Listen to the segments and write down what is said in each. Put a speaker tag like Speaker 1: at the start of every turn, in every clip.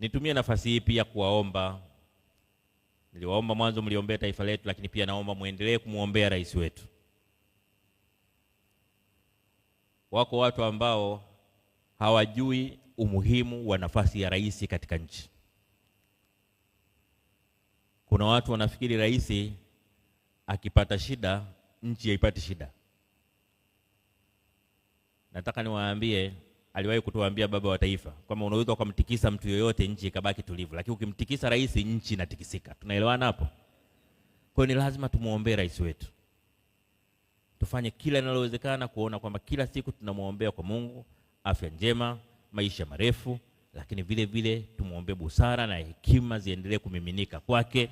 Speaker 1: Nitumie nafasi hii pia kuwaomba, niliwaomba mwanzo mliombea taifa letu, lakini pia naomba muendelee kumwombea rais wetu. Wako watu ambao hawajui umuhimu wa nafasi ya rais katika nchi. Kuna watu wanafikiri rais akipata shida nchi haipati shida. Nataka niwaambie aliwahi kutuambia baba wa taifa kwamba unaweza ukamtikisa mtu yoyote nchi ikabaki tulivu, lakini ukimtikisa rais nchi inatikisika. Tunaelewana hapo? Kwa hiyo ni lazima tumwombee rais wetu, tufanye kila linalowezekana kuona kwamba kila siku tunamwombea kwa Mungu afya njema, maisha marefu, lakini vile vile tumwombee busara na hekima ziendelee kumiminika kwake,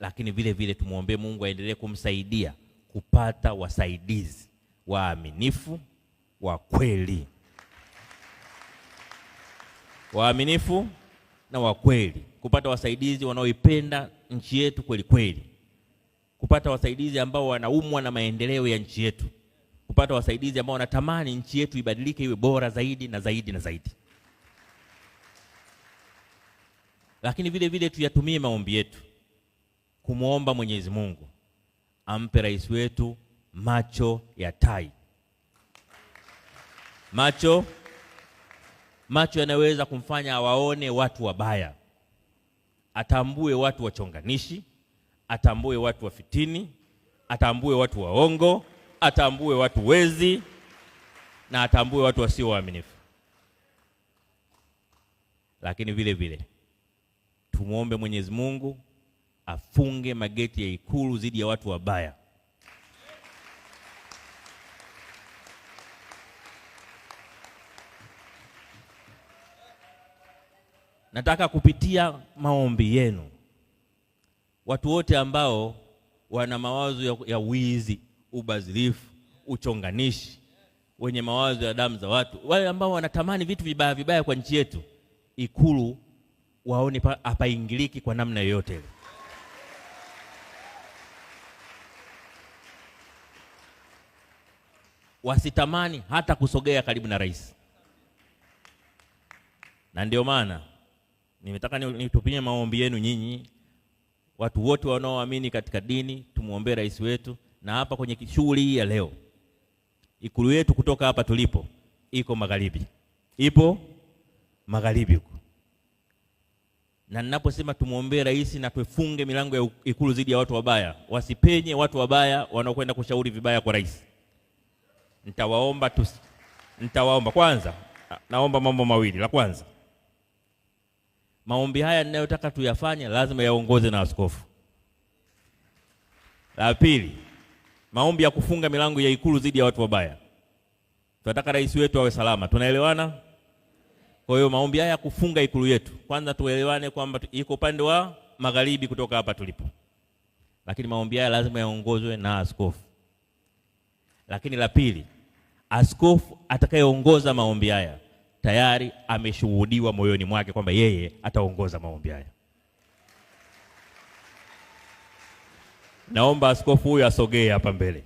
Speaker 1: lakini vile vile tumwombee Mungu aendelee kumsaidia kupata wasaidizi waaminifu wa kweli, waaminifu na wa kweli, kupata wasaidizi wanaoipenda nchi yetu kweli kweli, kupata wasaidizi ambao wanaumwa na maendeleo ya nchi yetu, kupata wasaidizi ambao wanatamani nchi yetu ibadilike iwe bora zaidi na zaidi na zaidi. Lakini vile vile tuyatumie maombi yetu kumwomba Mwenyezi Mungu ampe rais wetu macho ya tai, macho macho yanaweza kumfanya awaone watu wabaya, atambue watu wachonganishi, atambue watu wa fitini, atambue watu waongo, atambue watu wezi na atambue watu wasio waaminifu. Lakini vile vile tumwombe Mwenyezi Mungu afunge mageti ya Ikulu dhidi ya watu wabaya. Nataka kupitia maombi yenu watu wote ambao wana mawazo ya, ya wizi, ubadhirifu, uchonganishi, wenye mawazo ya damu za watu, wale ambao wanatamani vitu vibaya vibaya kwa nchi yetu, Ikulu waone hapaingiliki kwa namna yoyote ile. wasitamani hata kusogea karibu na rais. Na ndio maana nimetaka nitupie maombi yenu nyinyi, watu wote wanaoamini katika dini, tumwombee rais wetu. Na hapa kwenye shughuli hii ya leo, ikulu yetu kutoka hapa tulipo iko magharibi, ipo magharibi huko. Na ninaposema tumwombee rais na tufunge milango ya ikulu dhidi ya watu wabaya, wasipenye watu wabaya wanaokwenda kushauri vibaya kwa rais nitawaomba tu, nitawaomba kwanza, naomba mambo mawili. La kwanza, maombi haya ninayotaka tuyafanye lazima yaongoze na askofu. La pili, maombi ya kufunga milango ya Ikulu dhidi ya watu wabaya. Tunataka rais wetu awe salama, tunaelewana? Kwa hiyo maombi haya ya kufunga Ikulu yetu, kwanza tuelewane kwamba iko upande wa magharibi kutoka hapa tulipo, lakini maombi haya lazima yaongozwe na askofu. Lakini la pili, askofu atakayeongoza maombi haya tayari ameshuhudiwa moyoni mwake kwamba yeye ataongoza maombi haya. Naomba askofu huyu asogee hapa mbele.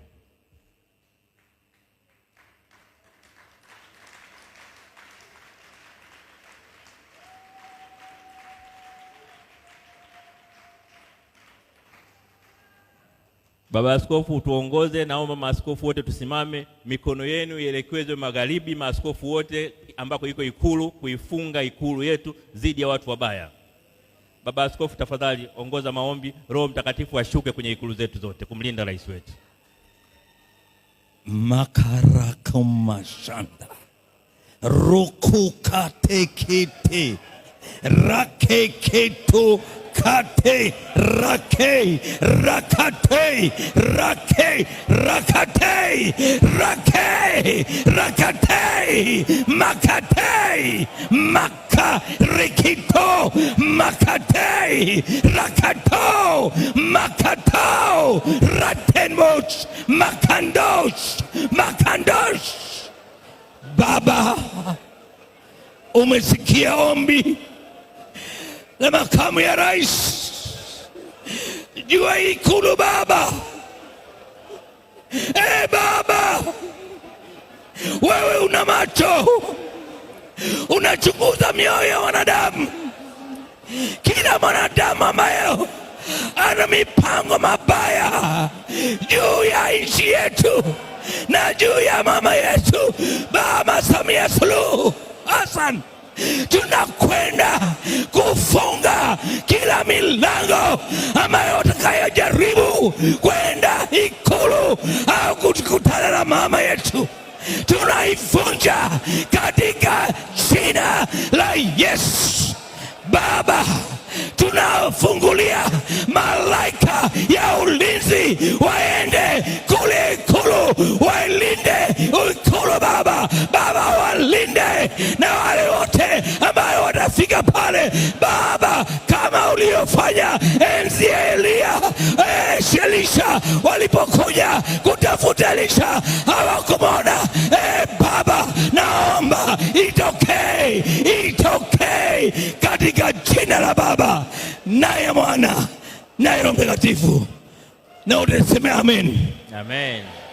Speaker 1: Baba Askofu tuongoze, naomba maaskofu wote tusimame, mikono yenu ielekezwe magharibi. Maaskofu wote ambako iko ikulu, kuifunga ikulu yetu dhidi ya watu wabaya. Baba Askofu tafadhali ongoza maombi. Roho Mtakatifu ashuke kwenye ikulu zetu zote kumlinda rais wetu.
Speaker 2: makarakamashanda rukukatekete rakeketo rakate rakei rakatei rakei rakatei rakei rakatei makatei makarikito makatei rakato makato ratenmos makandos makandos Baba, umesikia ombi na makamu ya rais jua Ikulu Baba. E Baba, wewe una macho, unachunguza mioyo ya wanadamu. Kila mwanadamu ambaye ana mipango mabaya juu ya nchi yetu na juu ya mama yetu Mama Samia Suluhu Hassan tunakwenda kufunga kila milango ambayo utakayojaribu kwenda ikulu au kukutana na mama yetu tunaivunja katika jina la Yesu. Baba, tunafungulia malaika ya ulinzi waende kule ikulu wailinde na wale wote ambayo watafika pale Baba, kama uliofanya enzi ya Eliya, e, eh, Elisha walipokuja kutafuta Elisha hawakumwona. E, Baba, naomba itokee, itokee katika jina la Baba naye Mwana naye Roho Mtakatifu, na utasemea amen, amen.